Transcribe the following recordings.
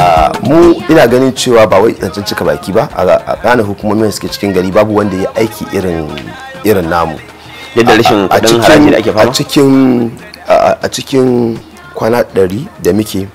Ah, mu ina ganin cewa ba wai zancen cika baki ba a ƙananan hukumomin suke cikin gari babu wanda ya aiki irin namu yadda rashin kudin haraji da ake fama a cikin kwana ɗari da muke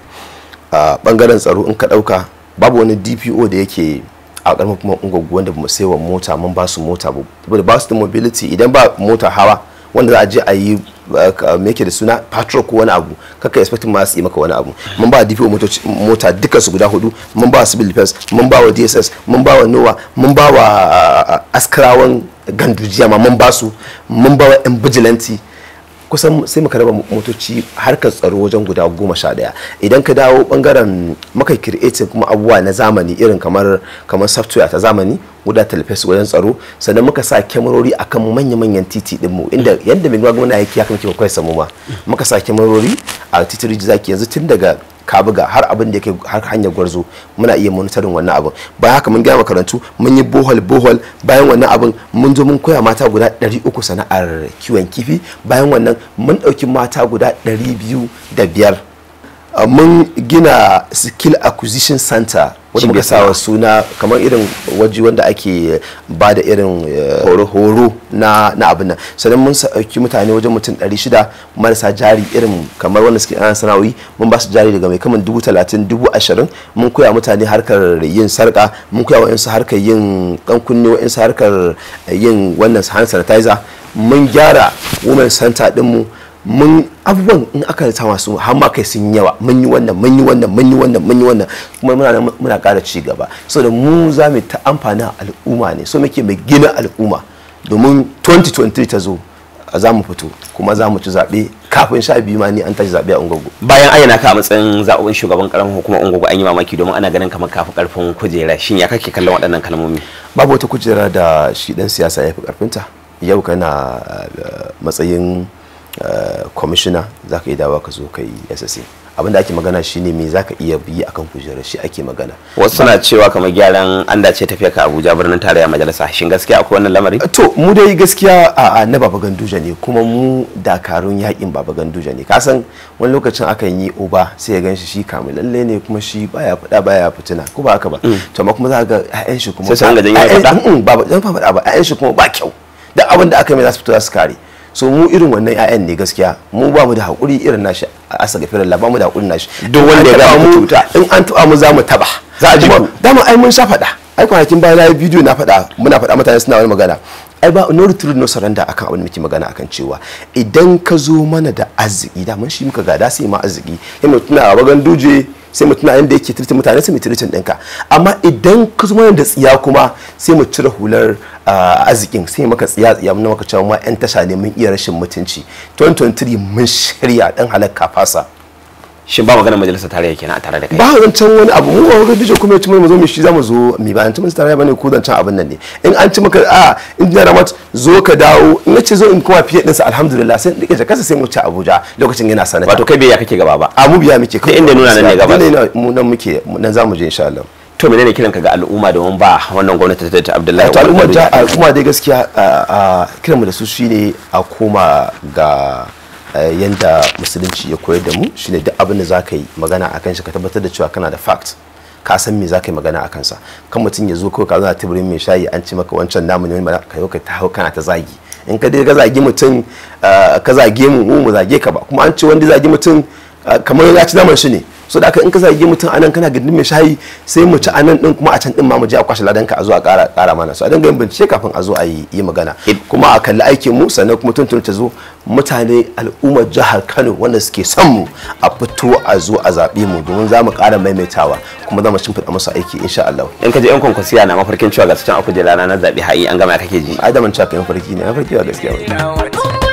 a bangaren tsaro in ka ɗauka babu wani dpo da yake a ƙarfin kuma ungwaggu wanda ba mu sai wa mota mun ba su mota ba su da mobility idan ba mota hawa wanda za a je a yi eh, meke da suna patrol ko wani abu kaka expecting ma su yi maka wani abu mun ba dp mota dukkan su guda hudu mun ba civil defense mun ba wa DSS mun ba wa NOWA mun ba wa eh, eh, askarawan gandujiya ma mun ba su mun ba wa yan vigilante kusan sai muka raba motoci harkar tsaro wajen guda goma sha daya idan ka dawo bangaren maka creating kuma abubuwa na zamani irin kamar kamar software ta zamani guda talfes wajen tsaro sannan muka sa kyamarori akan manya-manyan titi dinmu inda yadda mai gwagwamna yake ya kan kiwa kwaisa samu muka sa kyamarori a titi zaki yanzu tun daga ka buga har abin da yake har hanyar gwarzo muna iya monitorin wannan abin bayan haka mun gaya makarantu mun yi bohol bohol bayan wannan abin mun zo mun koya mata guda 300 sana'ar kiwon kifi bayan wannan mun ɗauki mata guda da biyar. mun gina skill acquisition center wadda muka sawa suna kamar irin waje wanda ake eh, ba da irin eh, horo na abin nan sannan mun sauki mutane wajen mutum 600 marasa jari irin kamar wanda suke ana sana'o'i mun ba su jari daga mai kaman dubu talatin dubu ashirin mun koya mutane harkar yin sarka mun koya wa'insu harkar yin kankunne wa'insu harkar eh, yin wannan hand sanitizer mun gyara women center dinmu mun abubuwan in aka sama su har ma kai sun yawa mun yi wannan mun yi wannan mun yi wannan mun yi wannan kuma muna muna ƙara ci gaba da mu za mu ta amfana al'umma ne so muke mai gina al'umma domin 2023 ta zo za mu fito kuma za mu ci zaɓe kafin sha biyu ma ni an tashi zaɓe a ungogo bayan ayyana ka a matsayin zaɓen shugaban ƙaramin hukumar ungogo an yi mamaki domin ana ganin kamar kafin ƙarfin kujera shin ya kake kallon waɗannan kalmomi babu wata kujera da shi dan siyasa ya fi ƙarfinta yau kana eh, matsayin kwamishina za ka iya dawa ka zo ka yi ssa abin da ake magana shine me za ka iya bi akan kujerar shi ake magana wasu suna cewa kamar gyaran an dace tafiya ka abuja birnin tarayya majalisa shin gaskiya akwai wannan lamari to mu dai gaskiya a na baba ganduja ne kuma mu dakarun yakin baba ganduja ne ka san wani lokacin akan yi uba sai ya ganshi shi kamun lalle ne kuma shi baya fada baya fitina ko ba haka ba mm. to amma kuma za ka ga ƴaƴan shi kuma sai an ga janye fada ba ba ba ba ƴaƴan shi kuma ba kyau da abinda aka yi za su fito za su kare so mu irin wannan 'ya'yan ne gaskiya mu ba mu da haƙuri irin nashi asa ga firar ba mu da haƙuri nashi don wanda ya ba mu in an tuba mu za mu taba za a ji mu dama ai mun sha faɗa ai kwanakin bayan yi bidiyo na faɗa muna faɗa mutane suna wani magana ai ba no return no surrender akan abin muke magana akan cewa idan ka zo mana da arziki da mun shi muka da sai ma arziki yana tuna a wagan duje sai mutum tuna yadda yake tiritin mutane sai mu tiritin ɗinka amma idan ka zama da tsiya kuma sai mu cire hular ah, arzikin sai maka tsiya tsiya muna maka cewa ma yan tasha ne mun iya rashin mutunci 2023 mun shirya ɗan halakka fasa shin ba magana majalisar tarayya kenan a tare da kai ba can wani abu mu ba wani kuma ya ci mu zo mu shi zamu zo mi ba zancen tarayya bane ko zancen abin nan ne in an ci maka a injiniya Ramat zo ka dawo in ce zo in kuma fiye dinsa alhamdulillah sai dike jakarsa sai mu ci Abuja lokacin yana sanata wato kai biya kake gaba ba a mu biya muke kai inda nuna nan ne gaba ne mu nan muke nan zamu je insha Allah to menene kiran ka ga al'umma domin ba wannan gwamnati ta ta Abdullahi to al'umma ta al'umma dai gaskiya kiran mu da su shine a koma ga Eh, yanda musulunci ya koyar da mu shine duk abin da za ka yi magana akan shi ka tabbatar da cewa kana da fact ka san me za ka yi magana a kansa kan mutum ya zo kawai ka zana tibirin mai shayi an ce maka wancan namu ne wani ka yi ka ta hau kana ta zagi in ka dai ka zagi mutum eh, ka zage mu mu zage ka ba kuma an ce wanda zagi mutum eh, kamar ya ci naman shi ne so da aka in ka zage mutum anan kana gindin mai shayi sai mu ci anan din kuma a can din ma mu je a kwashe ladan ka a zo a ƙara ƙara mana so a dinga yin bincike kafin a zo a yi magana kuma a kalli aikin mu sannan kuma tuntun ta zo mutane al'ummar jihar Kano wanda suke son mu a fito a zo a zabe mu domin za mu ƙara maimaitawa kuma za mu shimfiɗa musu aiki insha Allah in ka je yan kwankwasiya na mafarkin cewa ga su can a kujera na zaɓe hayi an gama kake ji adaman cewa kai mafarki ne mafarki ba gaskiya